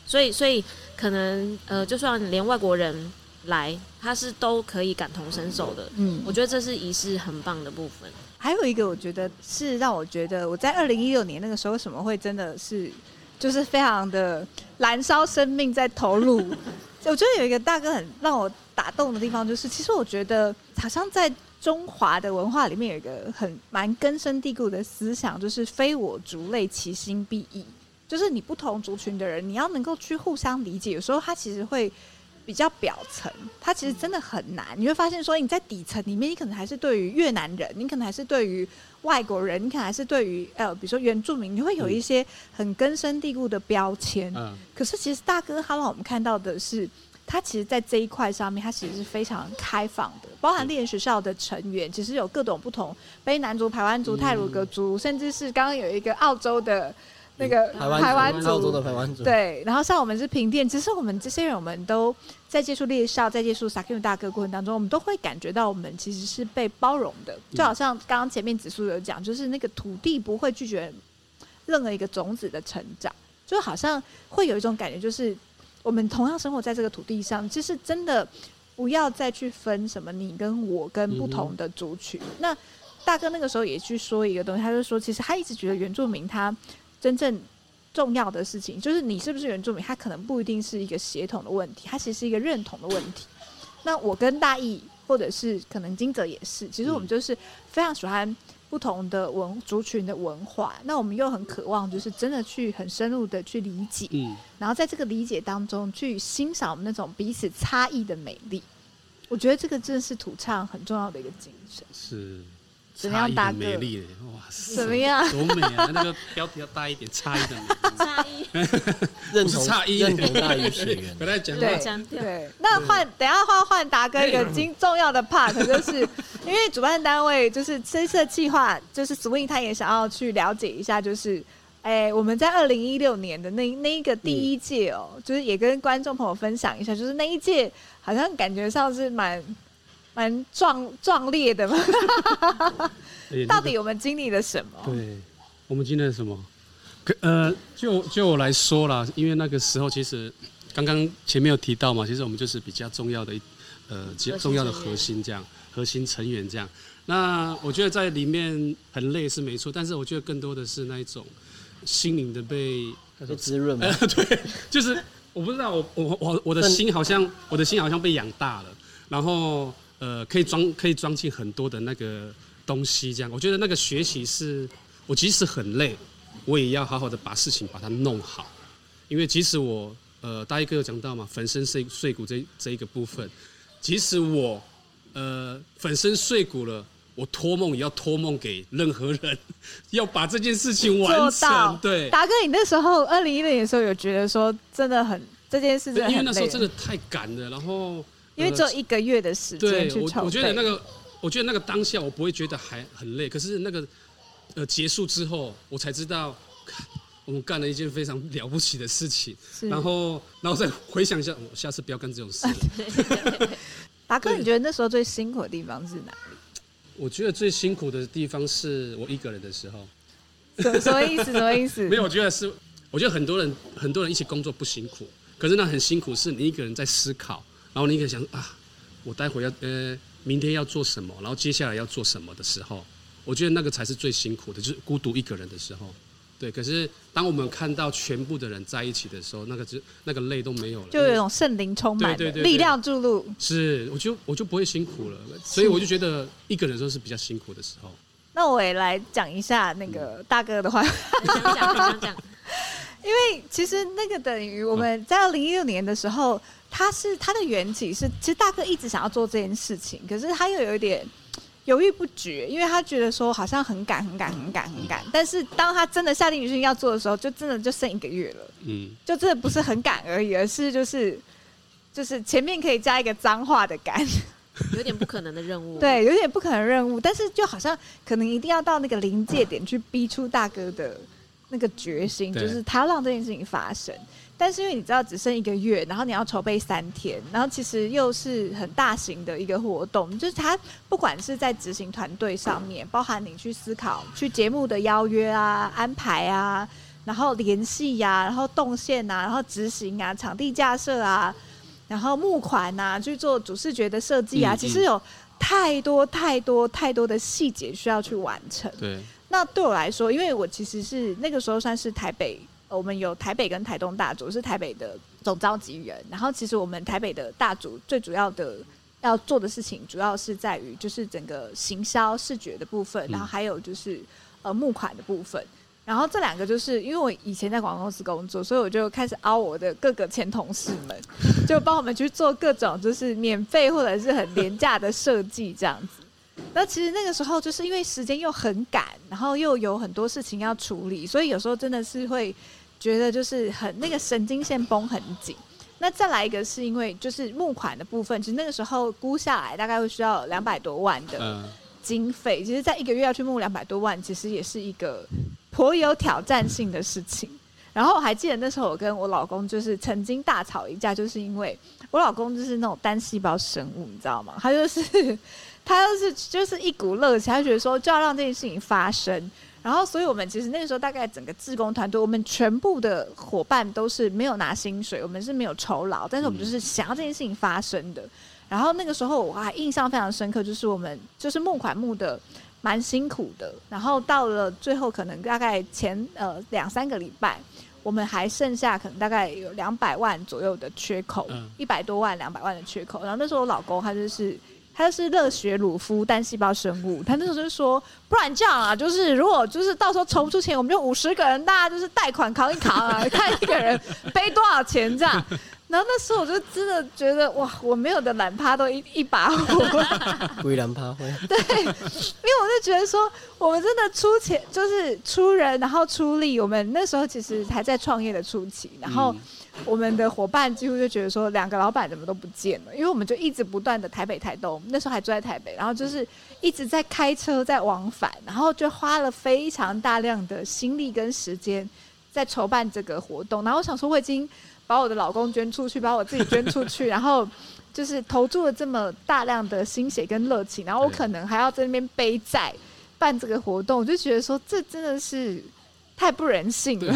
所以所以可能呃，就算連外國人來，他是都可以感同身受的嗯。嗯，嗯我覺得這是儀式很棒的部分。還有一個，我覺得是讓我覺得我在二零一六年那個時候，為什麼會真的是就是非常的燃燒生命在投入。我覺得有一個大哥很讓我打動的地方，就是其實我覺得好像在中華的文化裡面有一個很蠻根深蒂固的思想，就是“非我族類，其心必異”。就是你不同族群的人，你要能夠去互相理解。有時候他其實會。比較表層，它其實真的很難。嗯、你會發現，說你在底層裡面，你可能還是對於越南人，你可能還是對於外國人，你可能還是對於呃，比如說原住民，你會有一些很根深蒂固的標籤。嗯、可是，其實大哥他讓我們看到的是，他其實，在這一塊上面，他其實是非常開放的，包含獵人學校的成員，嗯、其實有各種不同，卑南族、排灣族、太魯閣族，嗯、甚至是剛剛有一個澳洲的。那個台灣台灣。台的台。對，然後像我們是平地，其實我們這些人，我們都在接觸獵校，在接觸撒可努大哥過程當中，我們都會感覺到我們其實是被包容的，就好像剛剛前面子甦有講，就是那個土地不會拒絕任何一個種子的成長，就好像會有一種感覺，就是我們同樣生活在這個土地上，其、就、實、是、真的不要再去分什麼你跟我跟不同的族群。嗯、哼那大哥那個時候也去說一個東西，他就說，其實他一直覺得原住民他。真正重要的事情，就是你是不是原住民，它可能不一定是一個協同的問題，它其實是一個認同的問題。那我跟大義，或者是可能精哲也是，其實我們就是非常喜歡不同的文族群的文化，那我們又很渴望，就是真的去很深入的去理解，嗯，然後在這個理解當中去欣賞我們那種彼此差異的美麗。我覺得這個真的是土唱很重要的一個精神。是。怎樣打個，很美麗，哇！怎麼樣？多美啊！那個標題要大一點，差一的差一不差異，認同，認同大於血緣對，對,對。那換等下換換達哥一個金重要的 part，就是因為主辦單位就是深色計劃，就是 Swing，他也想要去了解一下，就是，哎、欸，我們在二零一六年的那那一個第一屆哦、喔，嗯、就是也跟觀眾朋友分享一下，就是那一屆好像感覺上是蠻。蠻壯壯烈的嗎？ [laughs] 到底我們經歷了什麼？欸，那個？對，我們經歷了什麼？可呃，就就我來說啦，因為那個時候其實剛剛前面有提到嘛，其實我們就是比較重要的，呃，重要的核心這樣，核心成員這樣。那我覺得在裡面很累是沒錯，但是我覺得更多的是那一種心靈的被被滋潤嘛、呃。對，就是我不知道，我我我我的心好像我的心好像被養大了，然後。呃，可以裝可以裝進很多的那個東西，這樣，我覺得那個學習是我即使很累，我也要好好的把事情把它弄好，因為即使我呃大一哥有講到嘛，粉身碎碎骨這這一個部分，即使我呃粉身碎骨了，我托夢也要托夢給任何人，要把這件事情完成，做到。對，達哥，你那時候二零一零年的時候有覺得說真的很這件事真的很，因為那時候真的太趕了，然後。因為做一個月的時間，我我覺得那個，我覺得那個當下我不會覺得還很累，可是那個，呃，結束之後我才知道，我們幹了一件非常了不起的事情。是然後，然後再回想一下，我下次不要幹這種事。達 [laughs] 對對哥，你覺得那時候最辛苦的地方是哪裡？我覺得最辛苦的地方是我一個人的時候。什麼，什麼意思？什麼意思？沒有，我覺得是，我覺得很多人很多人一起工作不辛苦，可是那很辛苦是你一個人在思考。然後你可以想啊，我待會要呃明天要做什麼，然後接下來要做什麼的時候，我覺得那個才是最辛苦的，就是孤獨一個人的時候，對。可是當我們看到全部的人在一起的時候，那個只那個淚都沒有了，就有一種聖靈充滿，力量注入。是，我就我就不會辛苦了，所以我就覺得一個人的時候是比較辛苦的時候。是那我也來講一下那個大哥的話，因為其實那個等於我們在二零一六年的時候。他是他的緣起是，其實大哥一直想要做這件事情，可是他又有一點猶豫不決，因為他覺得說好像很趕很趕很趕很趕，但是當他真的下定決心要做的時候，就真的就剩一個月了，嗯，就真的不是很趕而已，而是就是就是前面可以加一個髒話的趕，有點不可能的任務， [laughs] 對，有點不可能的任務，但是就好像可能一定要到那個臨界點去逼出大哥的那個決心，嗯，就是他要讓這件事情發生。但是因為你知道只剩一個月，然後你要籌備三天，然後其實又是很大型的一個活動，就是它不管是在執行團隊上面，包含你去思考、去節目的邀約啊、安排啊，然後聯繫呀，然後動線吶、啊，然後執行啊、場地架設啊，然後募款吶、啊、去做主視覺的設計啊，嗯嗯其實有太多太多太多的細節需要去完成。對。那對我來說，因為我其實是那個時候算是台北。我們有台北跟台東大組，是台北的總召集人。然後其實我們台北的大組最主要的要做的事情，主要是在於就是整個行銷視覺的部分，然後還有就是呃募款的部分。然後這兩個就是因為我以前在廣告公司工作，所以我就開始凹我的各個前同事們，就幫我們去做各種就是免費或者是很廉價的設計這樣子。那其實那個時候，就是因為時間又很趕，然後又有很多事情要處理，所以有時候真的是會覺得就是很那個神經線繃很緊。那再來一個是因為就是募款的部分，其實那個時候估下來大概會需要兩百多萬的經費。其實，在一個月要去募兩百多萬，其實也是一個頗有挑戰性的事情。然後我還記得那時候我跟我老公就是曾經大吵一架，就是因為我老公就是那種單細胞生物，你知道嗎？他就是。 [laughs] 他就是就是一股熱情，他覺得說就要讓這件事情發生，然後所以我們其實那個時候大概整個志工團隊，我們全部的夥伴都是沒有拿薪水，我們是沒有酬勞，但是我們就是想要這件事情發生的。然後那個時候我還印象非常深刻，就是我們就是募款募得蠻辛苦的，然後到了最後可能大概前呃兩三個禮拜，我們還剩下可能大概有兩百萬左右的缺口，嗯、一百多萬兩百萬的缺口。然後那時候我老公他就是。他就是熱血魯夫單細胞生物，他那時候就說，不然這樣啊，就是如果就是到時候籌不出錢，我們就五十個人大家就是貸款扛一扛啊， [laughs] 看一個人背多少錢這樣。然後那時候我就真的覺得哇，我沒有的懶趴都一一把火，歸懶趴火。對，因為我就覺得說，我們真的出錢就是出人，然後出力，我們那時候其實還在創業的初期，然後。嗯我們的夥伴幾乎就覺得說，兩個老闆怎麼都不見了，因為我們就一直不斷的台北、台東，那時候還住在台北，然後就是一直在開車在往返，然後就花了非常大量的心力跟時間在籌辦這個活動。然後我想說，我已經把我的老公捐出去，把我自己捐出去，然後就是投注了這麼大量的心血跟熱情，然後我可能還要在那邊背債辦這個活動，我就覺得說，這真的是太不人性了。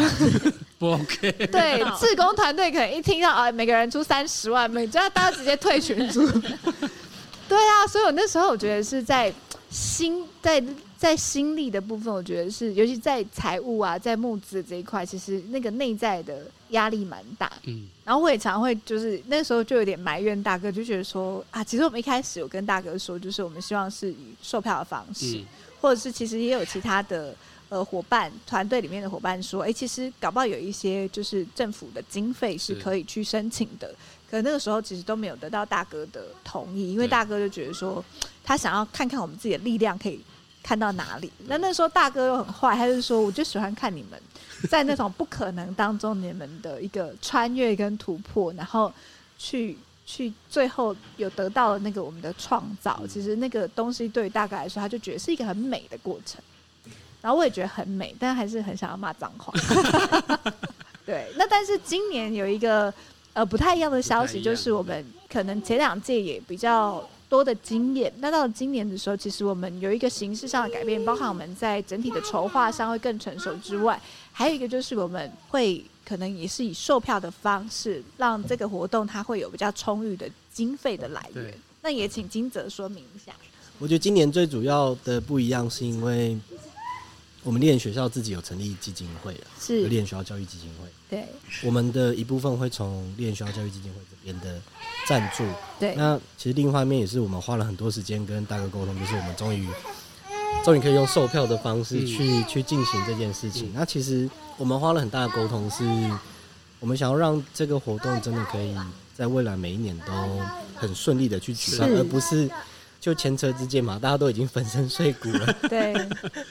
不 OK、對， [laughs] 志工團隊可能一聽到啊，每個人出三十萬，每都要大家直接退群組。 [laughs] 對啊，所以我那時候我覺得是在心在在心力的部分，我覺得是，尤其在財務啊，在募資這一塊，其實那個內在的壓力蠻大。嗯、然後我也常常會就是那時候就有點埋怨大哥，就覺得說啊，其實我們一開始有跟大哥說，就是我們希望是以售票的方式，嗯、或者是其實也有其他的。呃，夥伴團隊裡面的夥伴說：“哎、欸，其實搞不好有一些就是政府的經費是可以去申請的。是”可那個時候其實都沒有得到大哥的同意，因為大哥就覺得說，對他想要看看我們自己的力量可以看到哪裡。那對那時候大哥又很壞，他就說：“我就喜歡看你們在那種不可能當中你們的一個穿越跟突破， [laughs] 然後去去最後有得到了那個我們的創造。嗯、其實那個東西對於大哥來說，他就覺得是一個很美的過程。”然後我也覺得很美，但還是很想要罵髒話。 [laughs] [laughs] 對，那但是今年有一個呃不太一樣的消息，就是我們可能前兩屆也比較多的經驗，那到了今年的時候，其實我們有一個形式上的改變，包括我們在整體的籌劃上會更成熟之外，還有一個就是我們會可能也是以售票的方式讓這個活動它會有比較充裕的經費的來源。嗯、對。那也請精哲說明一下。我覺得今年最主要的不一樣是因為。我們獵人學校自己有成立基金會了，是有獵人學校教育基金會。對，我們的一部分會從獵人學校教育基金會這邊的贊助。對，那其實另一方面也是我們花了很多時間跟大哥溝通，就是我們終於，終於可以用售票的方式去、嗯、去進行這件事情。嗯、那其實我們花了很大的溝通，是我們想要讓這個活動真的可以在未來每一年都很順利的去舉辦，是而不是。就前車之鑑嘛，大家都已經粉身碎骨了。對，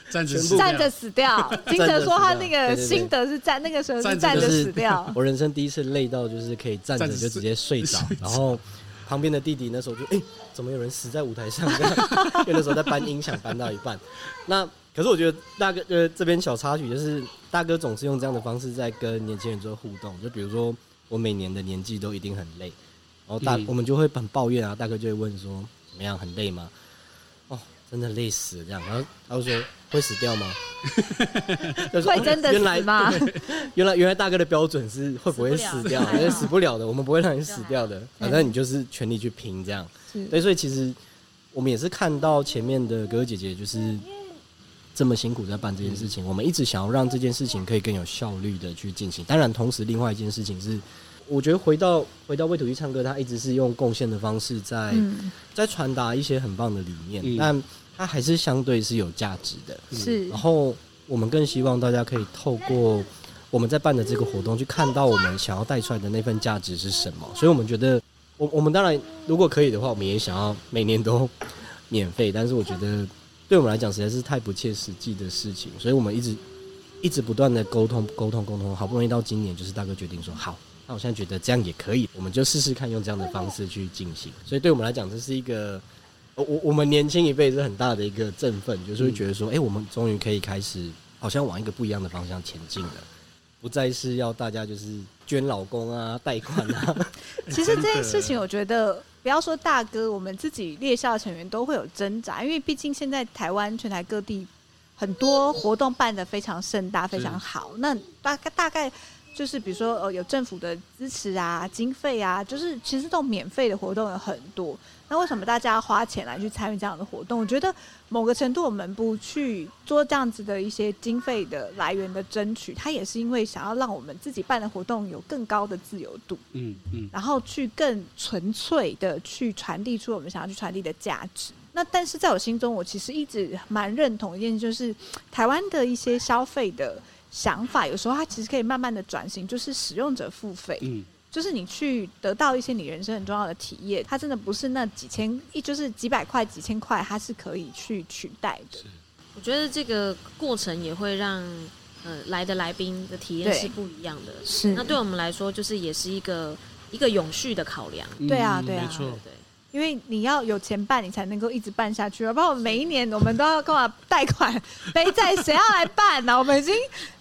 站着死掉。死掉精哲說，他那個心得是在那個時候是站着死掉。我人生第一次累到就是可以站着就直接睡着，然後旁邊的弟弟那時候就哎、欸，怎麼有人死在舞台上？哈哈 [laughs] 那時候在搬音響，搬到一半， [laughs] 那可是我覺得大哥呃這邊小插曲就是大哥總是用這樣的方式在跟年輕人做互動，就比如說我每年的年紀都一定很累，然後大、嗯、我們就會很抱怨啊，大哥就會問說。怎麼樣？很累嗎？哦，真的累死這樣。然後他會說：“會死掉嗎？” [laughs] 說會真的死嗎？原來，原來大哥的標準是會不會死掉？而且死，死不了的， [laughs] 我們不會讓你死掉的。反正對你就是全力去拼這樣。對，對，所以其實我們也是看到前面的哥哥姐姐就是這麼辛苦在辦這件事情。嗯、我們一直想要讓這件事情可以更有效率的去進行。當然，同時另外一件事情是，我覺得回到回到為土地唱歌，他一直是用貢獻的方式在在傳達一些很棒的理念，但他還是相對是有價值的。是，然後我們更希望大家可以透過我們在辦的這個活動，去看到我們想要帶出來的那份價值是什麼。所以我們覺得，我我們當然如果可以的話，我們也想要每年都免費，但是我覺得對我們來講實在是太不切實際的事情，所以我們一直一直不斷的溝通溝通溝通，好不容易到今年，就是大哥決定說好。那我現在覺得這樣也可以，我們就試試看用這樣的方式去進行。對對對對，所以對我們來講，這是一個，我我我們年輕一輩是很大的一個振奮，就是會覺得說，哎、欸，我們終於可以開始，好像往一個不一樣的方向前進了，不再是要大家就是捐老公啊、貸款啊。 [laughs] 其實這件事情，我覺得不要說大哥，我們自己獵校的成員都會有掙扎，因為畢竟現在台灣全台各地很多活動辦得非常盛大，是非常好。那大概大概。就是比如說，呃，有政府的支持啊，經費啊，就是其實這種免費的活動有很多。那為什麼大家花錢來去參與這樣的活動？我覺得某個程度我們不去做這樣子的一些經費的來源的爭取，它也是因為想要讓我們自己辦的活動有更高的自由度。嗯嗯，嗯，然後去更純粹的去傳遞出我們想要去傳遞的價值。那但是在我心中，我其實一直蠻認同一件事，就是台灣的一些消費的。想法有時候它其實可以慢慢的轉型，就是使用者付費，嗯，就是你去得到一些你人生很重要的體驗，它真的不是那幾千，一就是幾百塊、幾千塊，它是可以去取代的。是我覺得這個過程也會讓呃來的來賓的體驗是不一樣的。對是，那對我們來說就是也是一個一個永續的考量。嗯嗯，對啊，對啊錯，對。因為你要有錢辦，你才能夠一直辦下去，包括每一年我們都要跟我貸款背債，誰 [laughs] 要來辦呢？我們已經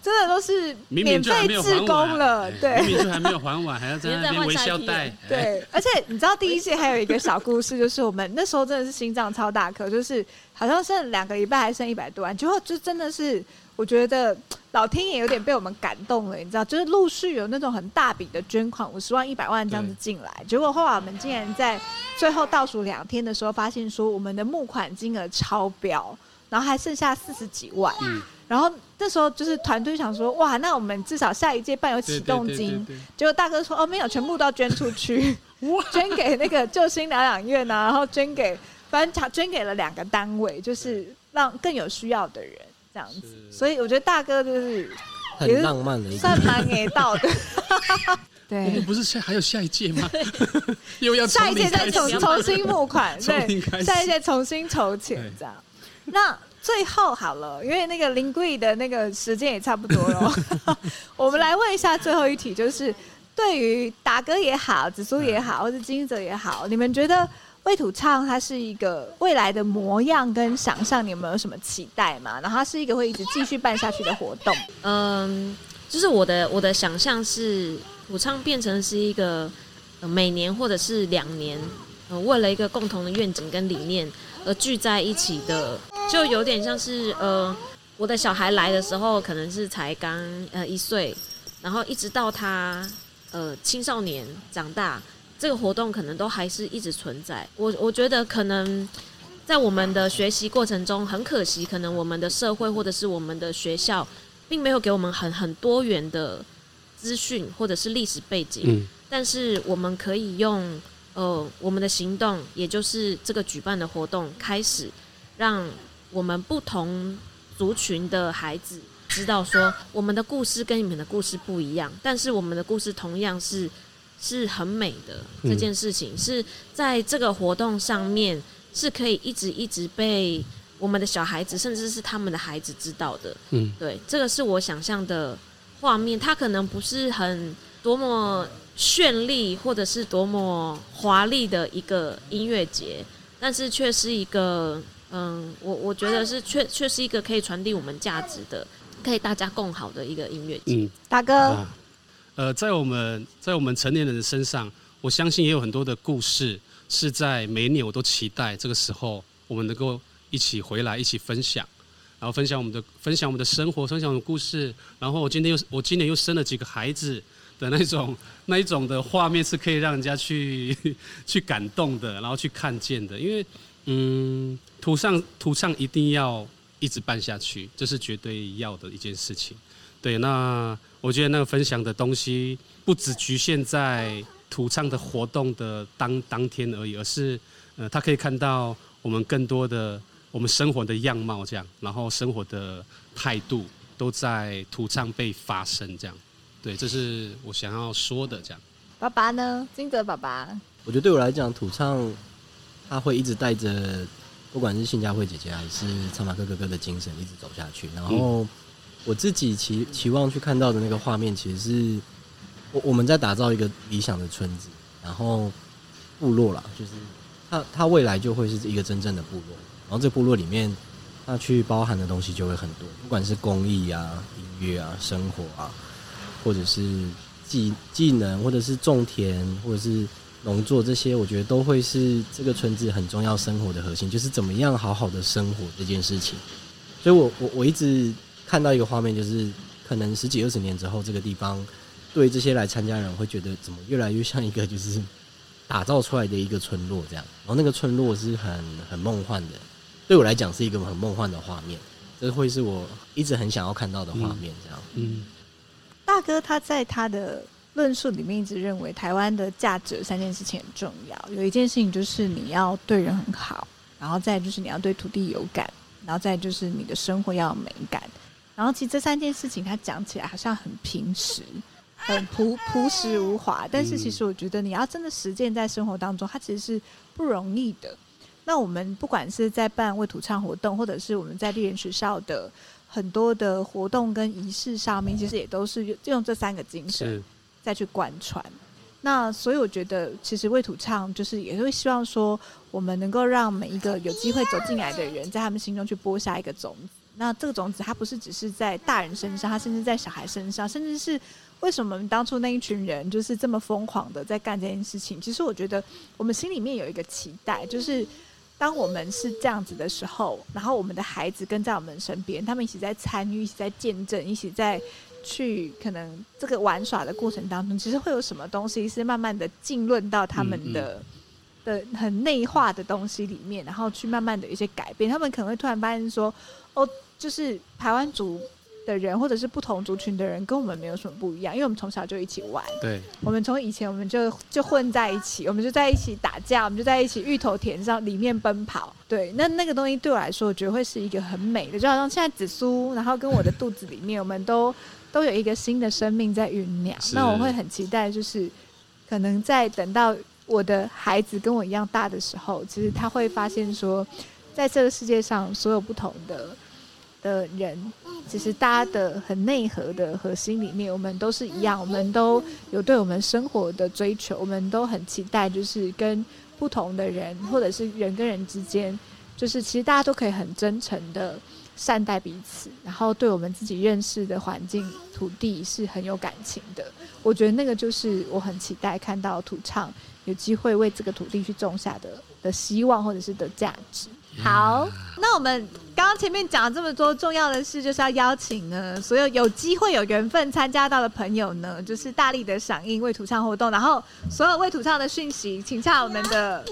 真的都是免費志工了，對，明明就還沒有還完，還要在那邊微貸，明明對。對對而且你知道第一屆還有一個小故事，就是我們那時候真的是心臟超大顆，就是好像剩兩個禮拜還剩一百多萬，結果就真的是。我覺得老天也有點被我們感動了，你知道，就是陸續有那種很大筆的捐款，五十萬、一百萬這樣子進來。對結果後來我們竟然在最後倒數兩天的時候，發現說我們的募款金額超標，然後還剩下四十幾萬。嗯、然後那時候就是團隊想說，哇，那我們至少下一屆辦有啟動金。結果大哥說，哦，沒有，全部都要捐出去，哇捐給那個救星療養院啊，然後捐給，反正他捐給了兩個單位，就是讓更有需要的人。這樣子，是所以我覺得大哥就是,也是很浪漫的一，算蠻給到的。對，我們不是下還有下一屆嗎？ [laughs] 下一屆再重重新募款， [laughs] 對，下一屆重新籌錢 [laughs] 對這樣。那最後好了，因為那個林貴的那個時間也差不多了， [laughs] [laughs] 我們來問一下最後一題，就是對於達哥也好，子甦也好，或者精哲也好，你們覺得？為土唱，它是一個未來的模樣跟想象，你們有沒有什麼期待嗎？然後它是一個會一直繼續辦下去的活動。嗯，就是我的我的想象是，土唱變成是一個、呃、每年或者是兩年，呃，為了一個共同的願景跟理念而聚在一起的，就有點像是呃，我的小孩來的時候可能是才剛呃一歲，然後一直到他呃青少年長大。這個活動可能都還是一直存在。我我覺得可能在我們的學習過程中很可惜，可能我們的社會或者是我們的學校，並沒有給我們很很多元的資訊或者是歷史背景。但是我們可以用呃我們的行動，也就是這個舉辦的活動，開始讓我們不同族群的孩子知道說，我們的故事跟你們的故事不一樣，但是我們的故事同樣是。是很美的這件事情，嗯、是在這個活動上面是可以一直一直被我們的小孩子，甚至是他們的孩子知道的。嗯，對，這個是我想象的畫面。它可能不是很多麼絢麗，或者是多麼華麗的一個音樂節，但是卻是一個嗯，我我覺得是卻卻是一個可以傳遞我們價值的，可以大家共好的一個音樂節。大哥。啊呃，在我們在我們成年人的身上，我相信也有很多的故事，是在每一年我都期待這個時候，我們能夠一起回來，一起分享，然後分享我們的分享我們的生活，分享我們的故事。然後我今天又我今年又生了幾個孩子的那種那一種的畫面，是可以讓人家去去感動的，然後去看見的。因為嗯，土地土地一定要一直辦下去，這是絕對要的一件事情。對，那我覺得那個分享的東西不只局限在土唱的活動的當當天而已，而是呃，他可以看到我們更多的我們生活的樣貌這樣，然後生活的態度都在土唱被發生這樣。對，這是我想要說的這樣。爸爸呢？精哲爸爸？我覺得對我來講，土唱他會一直帶着不管是信佳慧姐姐還是唱馬哥哥哥的精神一直走下去，然後、嗯。我自己期期望去看到的那個畫面，其實是我我們在打造一個理想的村子，然後部落啦，就是它它未來就會是一個真正的部落，然後這部落裡面，它去包含的東西就會很多，不管是工藝啊、音樂啊、生活啊，或者是技技能，或者是種田或者是農作這些，我覺得都會是這個村子很重要生活的核心，就是怎麼樣好好的生活這件事情。所以我我我一直。看到一個畫面，就是可能十幾二十年之後，這個地方對這些來參加的人會覺得，怎麼越來越像一個就是打造出來的一個村落這樣。然後那個村落是很很夢幻的，對我來講是一個很夢幻的畫面，這會是我一直很想要看到的畫面這樣。嗯，嗯大哥他在他的論述裡面一直認為，台灣的價值三件事情很重要，有一件事情就是你要對人很好，然後再就是你要對土地有感，然後再就是你的生活要有美感。然後，其實這三件事情，它講起來好像很平實、很樸樸實無華，但是其實我覺得你要真的實踐在生活當中，它其實是不容易的。那我們不管是在辦為土唱活動，或者是我們在獵人學校的很多的活動跟儀式上面，嗯、其實也都是用這三個精神再去貫穿。是那所以我覺得，其實為土唱就是也會希望說，我們能夠讓每一個有機會走進來的人，在他們心中去播下一個種子。那這個種子，它不是只是在大人身上，它甚至在小孩身上，甚至是為什麼當初那一群人就是這麼瘋狂的在幹這件事情？其實我覺得，我們心裡面有一個期待，就是當我們是這樣子的時候，然後我們的孩子跟在我們身邊，他們一起在參與，一起在見證，一起在去可能這個玩耍的過程當中，其實會有什麼東西是慢慢的浸潤到他們的嗯嗯的很內化的東西裡面，然後去慢慢的一些改變。他們可能會突然發現說，哦。就是台灣族的人，或者是不同族群的人，跟我們沒有什麼不一樣，因為我們從小就一起玩。對，我們從以前我們就就混在一起，我們就在一起打架，我們就在一起芋頭田上裡面奔跑。對，那那個東西對我來說，我覺得會是一個很美的，就好像現在子甦，然後跟我的肚子裡面，我們都 [laughs] 都有一個新的生命在醞釀。是那我會很期待，就是可能在等到我的孩子跟我一樣大的時候，其實他會發現說，在這個世界上所有不同的。的人，其實大家的很內核的核心裡面，我們都是一樣，我們都有對我們生活的追求，我們都很期待，就是跟不同的人，或者是人跟人之間，就是其實大家都可以很真誠的善待彼此，然後對我們自己認識的環境、土地是很有感情的。我覺得那個就是我很期待看到土唱有機會為這個土地去種下的的希望，或者是的價值。好，那我們剛剛前面講了這麼多重要的事，就是要邀請呢所有有機會有緣分參加到的朋友呢，就是大力的響應為土唱活動，然後所有為土唱的訊息，請洽我們的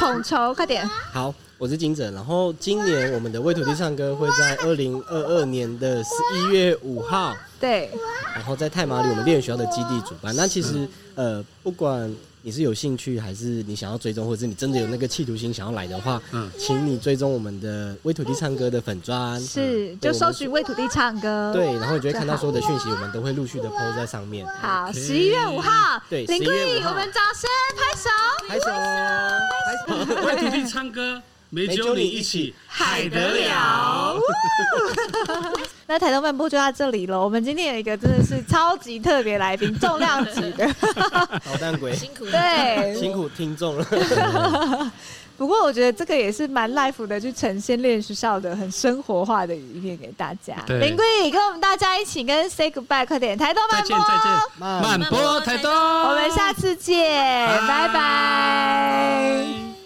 統籌，快點。好，我是精哲。然後今年我們的為土地唱歌會在二零二二年的十一月五號，對，然後在太麻里我們獵人學校的基地主辦。那是其實呃，不管。你是有興趣，還是你想要追蹤，或者是你真的有那個企圖心想要來的話，請你追蹤我們的為土地唱歌的粉專，是就搜尋為土地唱歌，對，然後你就會看到所有的訊息，我們都會陸續的 po 在上面。好，十一月五號，對，十一月五號，我們掌聲拍手，拍手，拍手，為土地唱歌。沒揪你一起，一起海得了。那台東慢波就到這裡了。我們今天有一個真的是超級特別來賓，重量級的搗蛋鬼， [laughs] 辛苦對我我辛苦聽眾了。 [laughs] 不過我覺得這個也是蠻 life 的，去呈現獵校的很生活化的一面給大家。對林貴跟我們大家一起跟 say goodbye，快點台東慢波，慢波台東，我們下次見，拜拜。